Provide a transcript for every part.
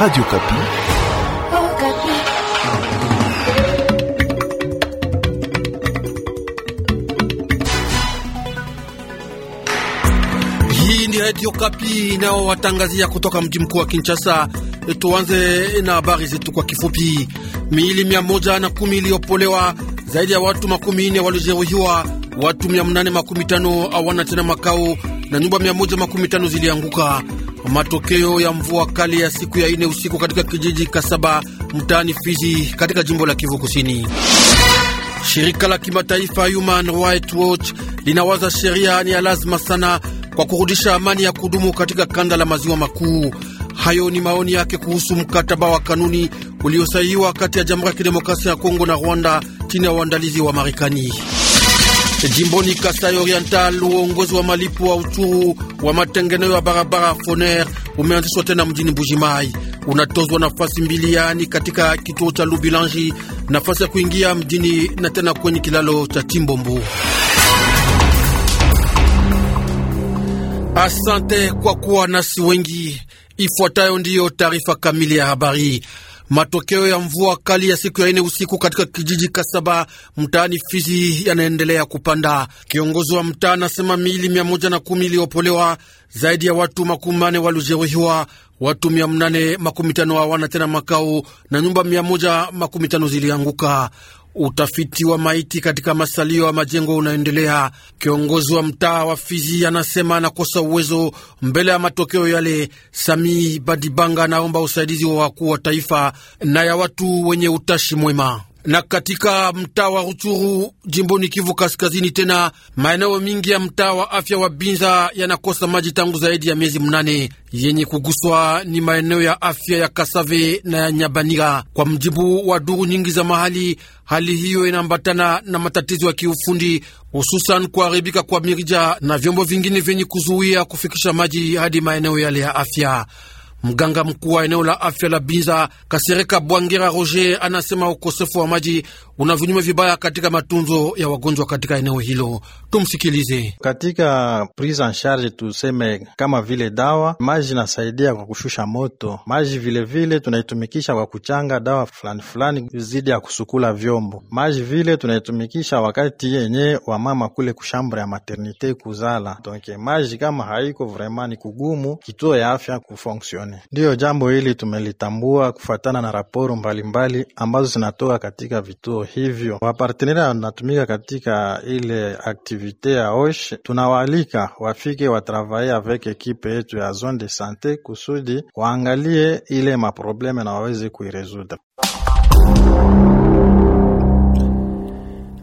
Radio Kapi. Oh, Kapi. Hii ni Radio Kapi nao watangazia kutoka mji mkuu wa Kinshasa. E, tuanze na habari zetu kwa kifupi. Miili mia moja na kumi iliyopolewa, zaidi ya watu makumi nne walijeruhiwa, watu mia mnane makumi tano hawana tena makao na nyumba mia moja makumi tano zilianguka matokeo ya mvua kali ya siku ya ine usiku katika kijiji Kasaba mtaani Fizi katika jimbo la Kivu Kusini. Shirika la kimataifa Human Rights Watch linawaza sheria ni ya lazima sana kwa kurudisha amani ya kudumu katika kanda la maziwa makuu. Hayo ni maoni yake kuhusu mkataba wa kanuni uliosainiwa kati ya Jamhuri ya Kidemokrasia ya Kongo na Rwanda chini ya uandalizi wa Marekani. Jimboni Kasai Oriental, uongozi wa malipo wa uchuru wa matengenezo ya barabara Foner umeanzishwa tena mjini bujimai Unatozwa nafasi mbili, yaani katika kituo cha Lubilanji, nafasi ya kuingia mjini na tena kwenye kilalo cha Chimbombo. Asante kwa kuwa nasi wengi. Ifuatayo ndiyo taarifa kamili ya habari. Matokeo ya mvua kali ya siku ya ine usiku katika kijiji Kasaba mtaani Fizi yanaendelea kupanda. Kiongozi wa mtaa anasema miili mia moja na kumi iliyopolewa, zaidi ya watu makumi mane walijeruhiwa, watu mia mnane makumi tano hawana tena makao na nyumba mia moja makumi tano zilianguka. Utafiti wa maiti katika masalio ya majengo unaendelea. Kiongozi wa mtaa wa Fizi anasema anakosa uwezo mbele ya matokeo yale. Samii Badibanga anaomba usaidizi wa wakuu wa taifa na ya watu wenye utashi mwema na katika mtaa wa Ruchuru jimboni Kivu Kaskazini, tena maeneo mingi ya mtaa wa afya wa Binza yanakosa maji tangu zaidi ya miezi mnane. Yenye kuguswa ni maeneo ya afya ya Kasave na ya Nyabaniga. Kwa mjibu wa duru nyingi za mahali, hali hiyo inaambatana na matatizo ya kiufundi, hususan kuharibika kwa mirija na vyombo vingine vyenye kuzuia kufikisha maji hadi maeneo yale ya afya. Mganga mkuu wa eneo la afya la Binza, Kasereka Bwangera Roger, anasema ukosefu wa maji una vinyume vibaya katika matunzo ya wagonjwa katika eneo hilo. Tumsikilize. Katika prise en charge, tuseme kama vile dawa, maji inasaidia kwa kushusha moto. Maji vilevile tunaitumikisha kwa kuchanga dawa fulani fulani zidi ya kusukula vyombo. Maji vile tunaitumikisha wakati yenye wamama kule kushambra ya maternite kuzala. Donke maji kama haiko vrema, ni kugumu kituo ya afya kufonksione Marekani. Ndiyo, jambo hili tumelitambua kufuatana na raporo mbalimbali mbali ambazo zinatoka katika vituo hivyo. Waparteneri wanatumika katika ile aktivite ya OSH, tunawaalika wafike watravaye avec ekipe yetu ya zone de sante kusudi waangalie ile maprobleme na waweze kuiresudre.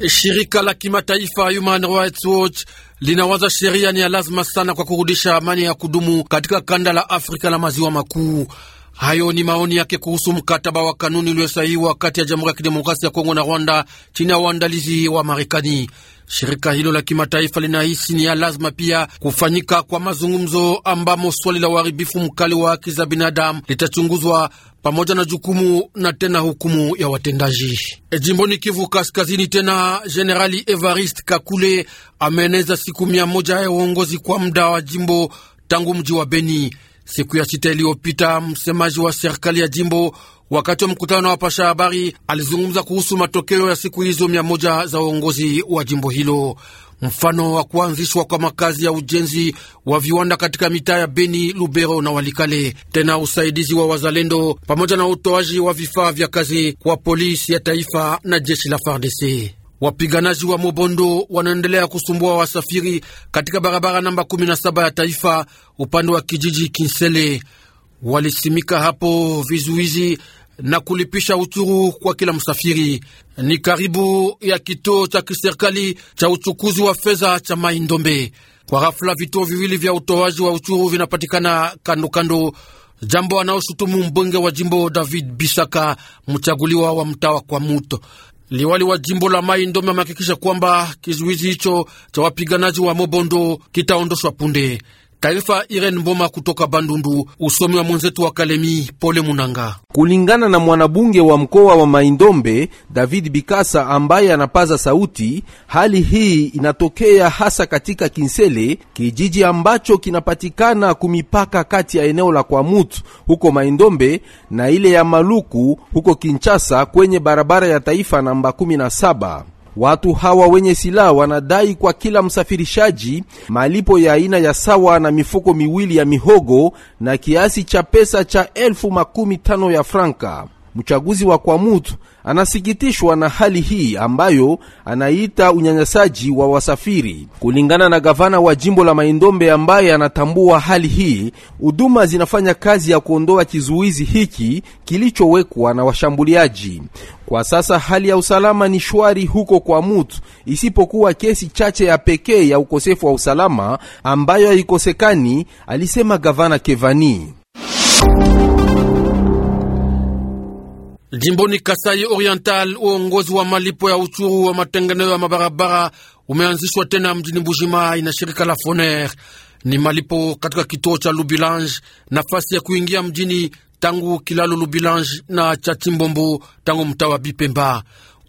Shirika la kimataifa Human Rights Watch linawaza sheria ni ya lazima sana kwa kurudisha amani ya kudumu katika kanda la Afrika la maziwa makuu. Hayo ni maoni yake kuhusu mkataba wa kanuni uliosahihiwa kati ya Jamhuri ya Kidemokrasia ya Kongo na Rwanda chini ya uandalizi wa Marekani. Shirika hilo la kimataifa linahisi ni ya lazima pia kufanyika kwa mazungumzo ambamo swali la uharibifu mkali wa haki za binadamu litachunguzwa pamoja na jukumu na tena hukumu ya watendaji e, jimboni Kivu Kaskazini. Tena Jenerali Evariste Kakule ameeneza siku mia moja ya uongozi kwa muda wa jimbo tangu mji wa Beni siku ya sita iliyopita. Msemaji wa serikali ya jimbo wakati wa mkutano wa pasha habari alizungumza kuhusu matokeo ya siku hizo mia moja za uongozi wa jimbo hilo mfano wa kuanzishwa kwa makazi ya ujenzi wa viwanda katika mitaa ya Beni, Lubero na Walikale, tena usaidizi wa wazalendo pamoja na utoaji wa vifaa vya kazi kwa polisi ya taifa na jeshi la FARDC. Wapiganaji wa Mobondo wanaendelea kusumbua wasafiri katika barabara namba 17 ya taifa upande wa kijiji Kinsele. Walisimika hapo vizuizi na kulipisha uchuru kwa kila msafiri. Ni karibu ya kituo cha kiserikali cha uchukuzi wa fedha cha Maindombe. Kwa ghafula, vituo viwili vya utoaji wa uchuru vinapatikana kandokando, jambo anaoshutumu mbunge wa jimbo David Bisaka, mchaguliwa wa mtawa kwa muto Liwali wa jimbo la Mai Ndombe amehakikisha kwamba kizuizi hicho cha wapiganaji wa Mobondo kitaondoshwa punde. Taarifa Irene Mboma kutoka Bandundu, usomi wa mwenzetu wa Kalemi Pole Munanga. Kulingana na mwanabunge wa mkoa wa Maindombe David Bikasa ambaye anapaza sauti, hali hii inatokea hasa katika Kinsele, kijiji ambacho kinapatikana kumipaka kati ya eneo la Kwamut huko Maindombe na ile ya Maluku huko Kinchasa kwenye barabara ya taifa namba 17. Watu hawa wenye silaha wanadai kwa kila msafirishaji malipo ya aina ya sawa na mifuko miwili ya mihogo na kiasi cha pesa cha elfu makumi tano ya franka. Mchaguzi wa mutu anasikitishwa na hali hii ambayo anaita unyanyasaji wa wasafiri. Kulingana na gavana wa jimbo la Maindombe ambaye anatambua hali hii, huduma zinafanya kazi ya kuondoa kizuizi hiki kilichowekwa na washambuliaji. Kwa sasa hali ya usalama ni shwari huko kwa Mutu, isipokuwa kesi chache ya pekee ya ukosefu wa usalama ambayo haikosekani, alisema gavana Kevani. Jimboni Kasai Oriental, uongozi wa malipo ya uchuru wa matengenezo ya mabarabara umeanzishwa tena mjini Mbujimayi na shirika la Foner. Ni malipo katika kituo cha Lubilange, nafasi ya kuingia mjini tangu kilalo Lubilange na cha Chimbombo tangu wa Bipemba.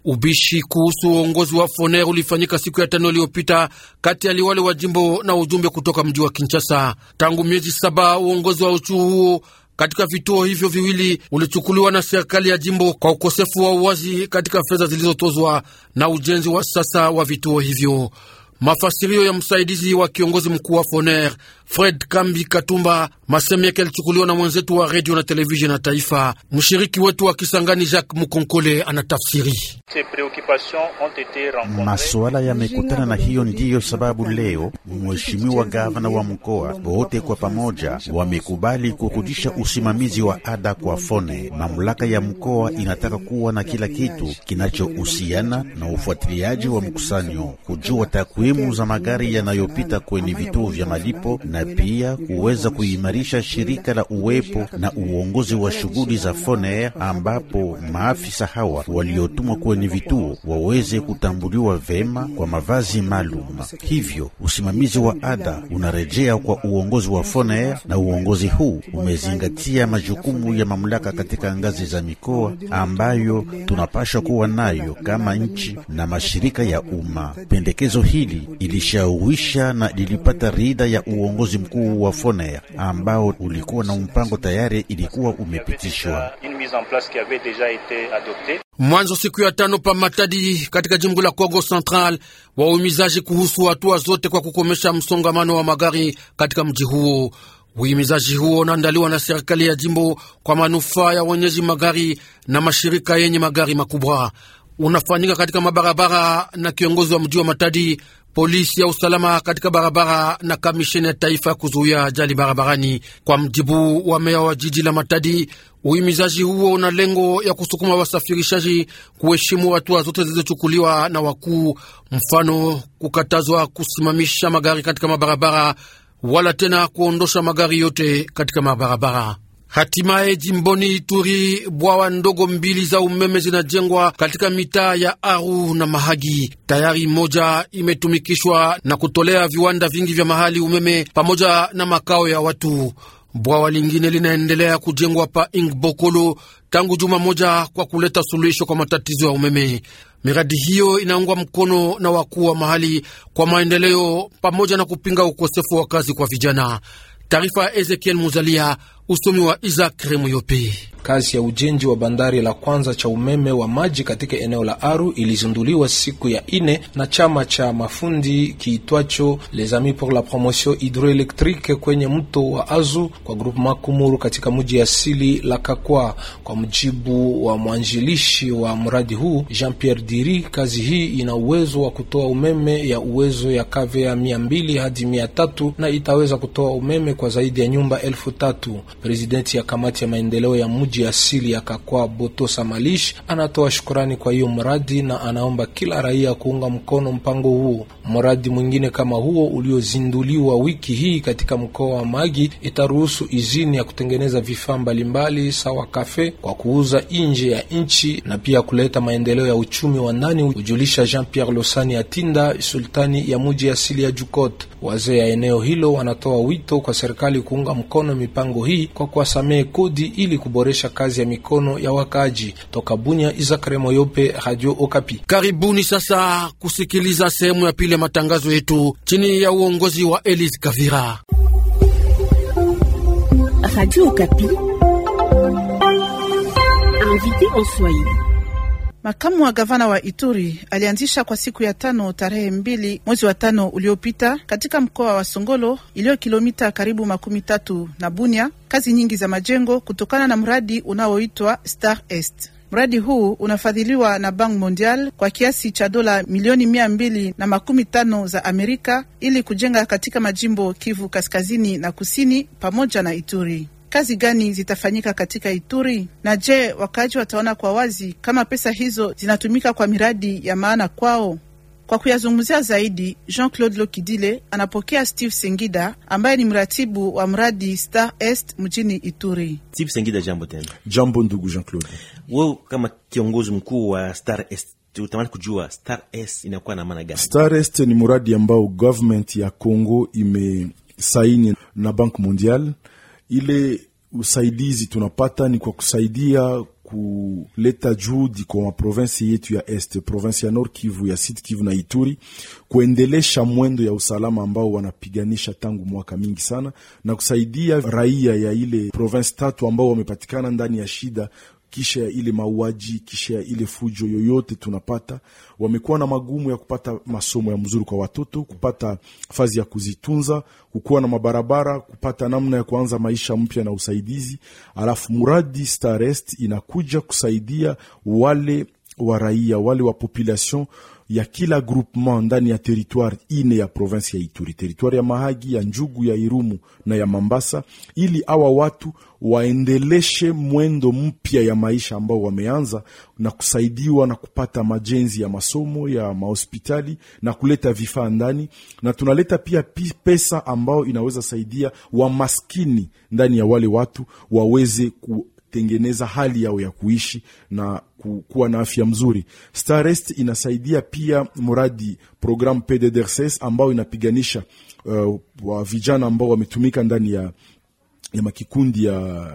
Ubishi kuhusu uongozi wa Foner ulifanyika siku ya tano iliyopita kati ya liwale wa jimbo na ujumbe kutoka mji wa Kinshasa. Tangu miezi saba uongozi wa uchuru huo katika vituo hivyo viwili ulichukuliwa na serikali ya jimbo kwa ukosefu wa uwazi katika fedha zilizotozwa na ujenzi wa sasa wa vituo hivyo. Mafasirio ya msaidizi wa kiongozi mkuu wa Foner Fred Kambi Katumba, masemi yake yalichukuliwa na mwenzetu wa redio na televisheni ya taifa, mshiriki wetu wa Kisangani Jacques Mukonkole anatafsiri. Masuala yamekutana na hiyo ndiyo sababu leo mheshimiwa gavana wa mkoa wote kwa pamoja wamekubali kurudisha usimamizi wa ada kwa Fone. Mamlaka ya mkoa inataka kuwa na kila kitu kinachohusiana na ufuatiliaji wa mkusanyo, kujua takwimu takwimu za magari yanayopita kwenye vituo vya malipo na pia kuweza kuimarisha shirika la uwepo na uongozi wa shughuli za Foner, ambapo maafisa hawa waliotumwa kwenye vituo waweze kutambuliwa vema kwa mavazi maalum. Hivyo usimamizi wa ada unarejea kwa uongozi wa Foner, na uongozi huu umezingatia majukumu ya mamlaka katika ngazi za mikoa ambayo tunapashwa kuwa nayo kama nchi na mashirika ya umma. Pendekezo hili hili ilishawisha na lilipata rida ya uongozi mkuu wa Foner ambao ulikuwa na mpango tayari ilikuwa umepitishwa mwanzo siku ya tano pa Matadi katika jimbo la Kongo Central, waumizaji kuhusu hatua zote kwa kukomesha msongamano wa magari katika mji huo. Uhimizaji huo unaandaliwa na serikali ya jimbo kwa manufaa ya wenyeji magari na mashirika yenye magari makubwa, unafanyika katika mabarabara na kiongozi wa mji wa Matadi polisi ya usalama katika barabara na kamisheni ya taifa ya kuzuia ajali barabarani. Kwa mjibu wa meya wa jiji la Matadi, uhimizaji huo una lengo ya kusukuma wasafirishaji kuheshimu hatua zote zilizochukuliwa na wakuu, mfano kukatazwa kusimamisha magari katika mabarabara wala tena kuondosha magari yote katika mabarabara. Hatimaye jimboni Ituri, bwawa ndogo mbili za umeme zinajengwa katika mitaa ya Aru na Mahagi. Tayari moja imetumikishwa na kutolea viwanda vingi vya mahali umeme pamoja na makao ya watu. Bwawa lingine linaendelea kujengwa pa Ingbokolo tangu juma moja kwa kuleta suluhisho kwa matatizo ya umeme. Miradi hiyo inaungwa mkono na wakuu wa mahali kwa maendeleo pamoja na kupinga ukosefu wa kazi kwa vijana. Taarifa ya Ezekiel Muzalia usomi wa Isaac Remuyope. Kazi ya ujenzi wa bandari la kwanza cha umeme wa maji katika eneo la Aru ilizinduliwa siku ya ine na chama cha mafundi kiitwacho Les Amis pour la Promotion Hydroelectrique kwenye mto wa Azu kwa grupu Makumuru katika mji asili la Kakwa. Kwa mujibu wa mwanjilishi wa mradi huu Jean Pierre Diri, kazi hii ina uwezo wa kutoa umeme ya uwezo ya kavea mia mbili hadi mia tatu na itaweza kutoa umeme kwa zaidi ya nyumba elfu tatu presidenti ya kamati ya maendeleo ya mji asili ya Kakwa Boto Samalish anatoa shukurani kwa hiyo mradi na anaomba kila raia kuunga mkono mpango huo. Mradi mwingine kama huo uliozinduliwa wiki hii katika mkoa wa Magi itaruhusu izini ya kutengeneza vifaa mbalimbali sawa kafe kwa kuuza nje ya nchi na pia kuleta maendeleo ya uchumi wa ndani, hujulisha Jean Pierre Losani Atinda, sultani ya mji asili ya Jukot. Wazee ya eneo hilo wanatoa wito kwa serikali kuunga mkono mipango hii kwa kuwasamehe kodi ili kuboresha kazi ya mikono ya wakaaji. Toka Bunya, Izakare Moyope, Radio Okapi. Karibuni sasa kusikiliza sehemu ya pili ya matangazo yetu chini ya uongozi wa Elise Kavira. Radio Okapi. Invité en Makamu wa gavana wa Ituri alianzisha kwa siku ya tano tarehe mbili mwezi wa tano uliopita katika mkoa wa Songolo iliyo kilomita karibu makumi tatu na Bunia kazi nyingi za majengo kutokana na mradi unaoitwa Star Est. Mradi huu unafadhiliwa na Bank Mondial kwa kiasi cha dola milioni mia mbili na makumi tano za Amerika ili kujenga katika majimbo Kivu Kaskazini na Kusini pamoja na Ituri kazi gani zitafanyika katika Ituri? Na je, wakaaji wataona kwa wazi kama pesa hizo zinatumika kwa miradi ya maana kwao? Kwa kuyazungumzia zaidi, Jean Claude Lokidile anapokea Steve Sengida ambaye ni mratibu wa mradi Star Est mjini Ituri. Steve Sengida, jambo tena. Jambo ndugu Jean Claude. Wewe kama kiongozi mkuu wa Star Est utamani kujua Star Est inakuwa na maana gani? Star Est ni mradi ambao government ya Congo imesaini na Bank Mondial ile usaidizi tunapata ni kwa kusaidia kuleta juhudi kwa maprovensi yetu ya Est, provensi ya Nord Kivu, ya sit Kivu na Ituri, kuendelesha mwendo ya usalama ambao wanapiganisha tangu mwaka mingi sana, na kusaidia raia ya ile provensi tatu ambao wamepatikana ndani ya shida kisha ya ile mauaji, kisha ya ile fujo yoyote tunapata. Wamekuwa na magumu ya kupata masomo ya mzuri kwa watoto, kupata fazi ya kuzitunza, kukuwa na mabarabara, kupata namna ya kuanza maisha mpya na usaidizi. Alafu muradi Starest inakuja kusaidia wale wa raia wale wa population ya kila groupement ndani ya territoire ine ya province ya Ituri, territoire ya Mahagi, ya Njugu, ya Irumu na ya Mambasa, ili awa watu waendeleshe mwendo mpya ya maisha ambao wameanza na kusaidiwa na kupata majenzi ya masomo ya mahospitali na kuleta vifaa ndani, na tunaleta pia pesa ambao inaweza saidia wamaskini ndani ya wale watu waweze kutengeneza hali yao ya kuishi na kuwa na afya mzuri. Starest inasaidia pia mradi program PDDRCS ambao inapiganisha uh, wa vijana ambao wametumika ndani ya ya makikundi ya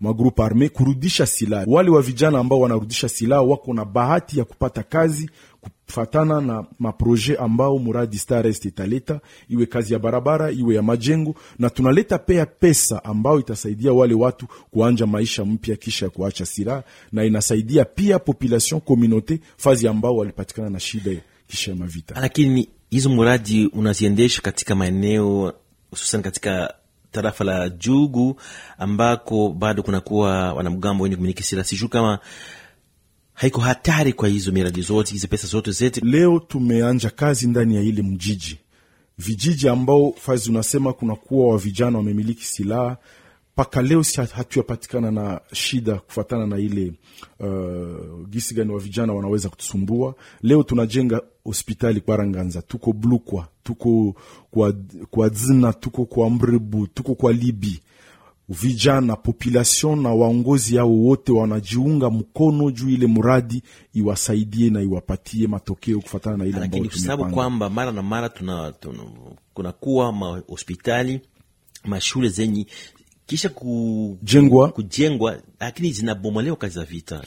magrupu arme kurudisha silaha. Wale wa vijana ambao wanarudisha silaha wako na bahati ya kupata kazi kufatana na maproje ambao muradi Star Est italeta, iwe kazi ya barabara, iwe ya majengo, na tunaleta pia pesa ambao itasaidia wale watu kuanja maisha mpya kisha ya kuacha silaha, na inasaidia pia population communauté fazi ambao walipatikana na shida kisha ya mavita. Lakini hizo muradi unaziendesha katika maeneo hususan katika tarafa la Jugu ambako bado kunakuwa wanamgambo wenye kumiliki silaha. Sijui kama haiko hatari kwa hizo miradi zote hizi pesa zote zete. Leo tumeanja kazi ndani ya ile mjiji, vijiji ambao fazi unasema kunakuwa wa vijana wamemiliki silaha mpaka leo si hatuyapatikana na shida kufatana na ile uh, gisi gani wa vijana wanaweza kutusumbua. Leo tunajenga hospitali kwa Ranganza, tuko Blukwa, tuko kwa, kwa Dzina, tuko kwa Mrebu, tuko kwa Libi. Vijana population na waongozi yao wote wanajiunga mkono juu ile muradi iwasaidie na iwapatie matokeo kufatana na ile ambayo tumepanga, kwamba mara na mara tuna, tuna, kuna kuwa mahospitali mashule zenye kisha kujengwa kujengwa, lakini zinabomolewa kazi za vita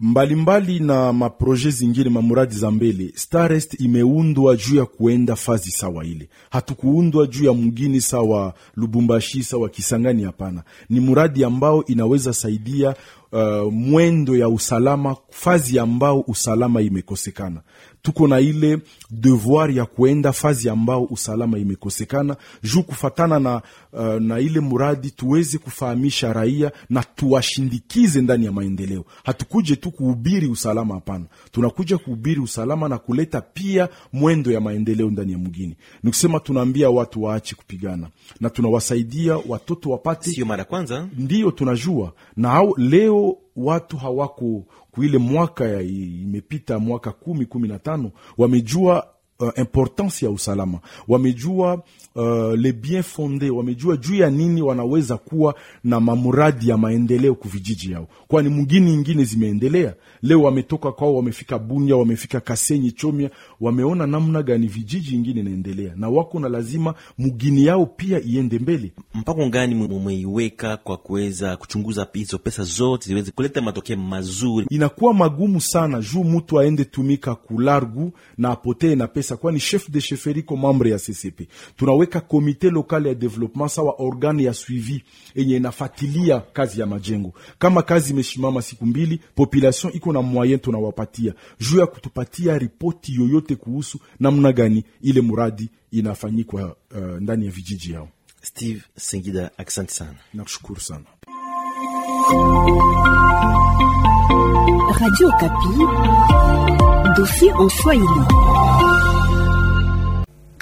mbalimbali mbali na maproje zingine mamuradi za mbele. Starest imeundwa juu ya kuenda fazi sawa ile, hatukuundwa juu ya mgini sawa Lubumbashi sawa Kisangani, hapana. Ni muradi ambao inaweza saidia uh, mwendo ya usalama, fazi ambao usalama imekosekana. Tuko na ile devoir ya kuenda fazi ambao usalama imekosekana, juu kufatana na, uh, na ile muradi tuweze kufahamisha raia na tuwashindikize ndani ya maendeleo. Hatukuje tu kuhubiri usalama, hapana, tunakuja kuhubiri usalama na kuleta pia mwendo ya maendeleo ndani ya mgini. Ni kusema tunaambia watu waache kupigana na tunawasaidia watoto wapate, sio mara kwanza, ndiyo tunajua na au, leo watu hawako kuile mwaka ya imepita mwaka kumi kumi na tano wamejua uh, importance ya usalama, wamejua uh, le bien fonde, wamejua juu ya nini wanaweza kuwa na mamuradi ya maendeleo kuvijiji yao, kwani mgini ingine zimeendelea. Leo wametoka kwao, wamefika Bunya, wamefika Kasenyi, chomia wameona namna gani vijiji ingine inaendelea, na wako na lazima mgini yao pia iende mbele. Mpaka gani mumeiweka kwa kuweza kuchunguza hizo pesa zote ziweze kuleta matokeo mazuri? Inakuwa magumu sana juu mtu aende tumika kulargu na apotee na pesa kabisa, kwani chef de chef iko membre ya CCP. Tunaweka komite lokale ya development sawa organe ya suivi yenye inafatilia kazi ya majengo. Kama kazi imeshimama siku mbili, population iko na moyen tunawapatia juu ya kutupatia ripoti yoyote kuhusu namna gani ile muradi inafanyikwa uh, ndani ya vijiji yao. Steve Singida, asante sana. Nakushukuru sana. Radio Kapi, dossier en Swahili.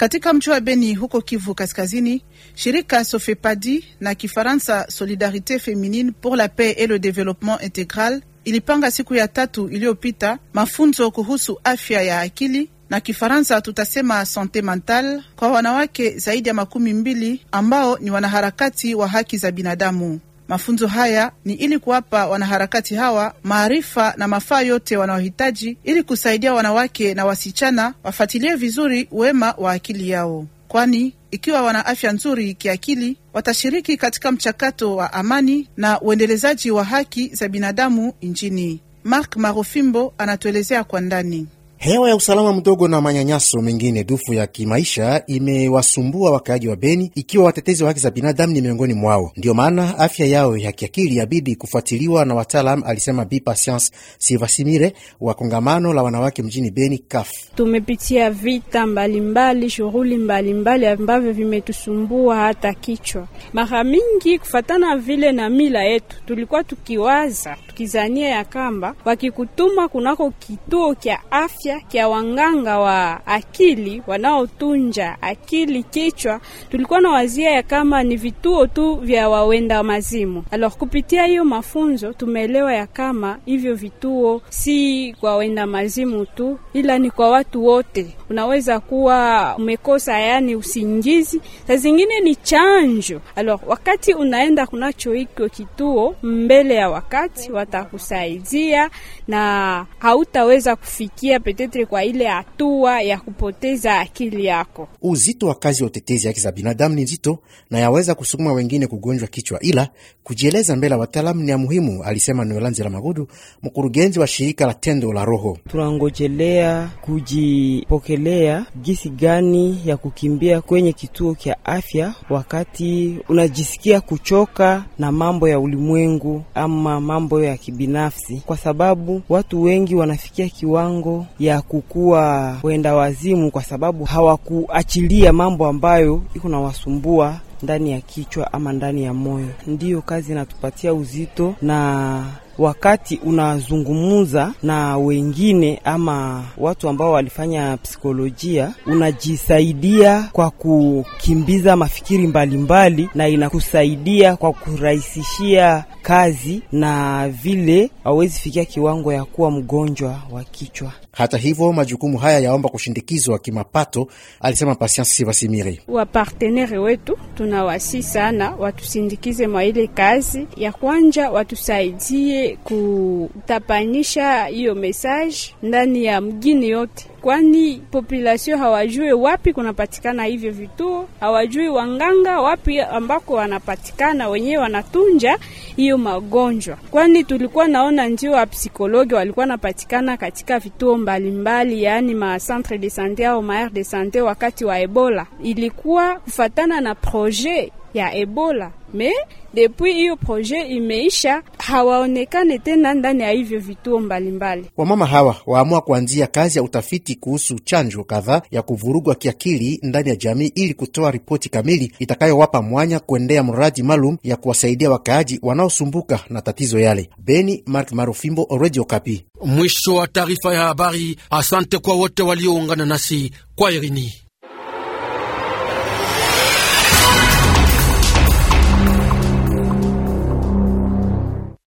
Katika mji wa Beni huko Kivu Kaskazini, shirika Sofepadi na Kifaransa Solidarite Feminine pour la Paix et le Developpement Integral ilipanga siku ya tatu iliyopita mafunzo kuhusu afya ya akili na Kifaransa tutasema sante mental kwa wanawake zaidi ya makumi mbili ambao ni wanaharakati wa haki za binadamu. Mafunzo haya ni ili kuwapa wanaharakati hawa maarifa na mafaa yote wanaohitaji ili kusaidia wanawake na wasichana wafuatilie vizuri wema wa akili yao, kwani ikiwa wana afya nzuri kiakili watashiriki katika mchakato wa amani na uendelezaji wa haki za binadamu nchini. Mark Marofimbo anatuelezea kwa ndani. Hewa ya usalama mdogo na manyanyaso mengine dufu ya kimaisha imewasumbua wakaaji wa Beni, ikiwa watetezi wa haki za binadamu ni miongoni mwao. Ndiyo maana afya yao ya kiakili yabidi kufuatiliwa na wataalam, alisema Bi Patience Sivasimire wa kongamano la wanawake mjini Beni, CAF. Tumepitia vita mbalimbali, shughuli mbalimbali ambavyo vimetusumbua hata kichwa. Mara mingi kufatana vile na mila yetu, tulikuwa tukiwaza tukizania ya kamba wakikutuma kunako kituo kya afya kipya kya wanganga wa akili wanaotunja akili kichwa, tulikuwa na wazia ya kama ni vituo tu vya wawenda mazimu. Alors kupitia hiyo mafunzo tumeelewa ya kama hivyo vituo si kwa wenda mazimu tu, ila ni kwa watu wote. Unaweza kuwa umekosa yani usingizi, saa zingine ni chanjo. Alors wakati unaenda kunacho hiko kituo, mbele ya wakati watakusaidia na hautaweza kufikia pete petetre kwa ile hatua ya kupoteza akili yako. Uzito wa kazi ya utetezi haki za binadamu ni nzito na yaweza kusukuma wengine kugonjwa kichwa, ila kujieleza mbele ya wataalamu ni ya muhimu, alisema Noelanzela Magudu, mkurugenzi wa shirika la Tendo la Roho. Tunangojelea kujipokelea gisi gani ya kukimbia kwenye kituo kya afya wakati unajisikia kuchoka na mambo ya ulimwengu ama mambo ya kibinafsi, kwa sababu watu wengi wanafikia kiwango ya ya kukuwa wenda wazimu, kwa sababu hawakuachilia mambo ambayo iko nawasumbua ndani ya kichwa ama ndani ya moyo. Ndiyo kazi inatupatia uzito na wakati unazungumuza na wengine ama watu ambao walifanya psikolojia, unajisaidia kwa kukimbiza mafikiri mbalimbali mbali, na inakusaidia kwa kurahisishia kazi na vile hawezi fikia kiwango ya kuwa mgonjwa wa kichwa. Hata hivyo majukumu haya yaomba kushindikizwa kimapato, alisema Patience Sivasimiri. Wapartenere wetu tunawasi sana watusindikize mwa ile kazi ya kwanja, watusaidie kutapanisha hiyo message ndani ya mgini yote, kwani population hawajui wapi kunapatikana hivyo vituo, hawajui wanganga wapi ambako wanapatikana, wenyewe wanatunja hiyo magonjwa, kwani tulikuwa naona ndio psikologi walikuwa napatikana katika vituo mbalimbali, yaani ma centre de sante au ma aire de sante. Wakati wa Ebola ilikuwa kufatana na projet ya Ebola. Me depuis hiyo proje imeisha, hawaonekane tena ndani ya hivyo vituo mbalimbali. Wamama hawa waamua kuanzia kazi ya utafiti kuhusu chanjo kadhaa ya kuvurugwa kiakili ndani ya jamii ili kutoa ripoti kamili itakayowapa mwanya kuendea mradi maalum ya kuwasaidia wakaaji wanaosumbuka na tatizo yale. Beni Mark Marufimbo, Radio Kapi. Mwisho wa taarifa ya habari. Asante kwa wote walioungana nasi kwa Irini.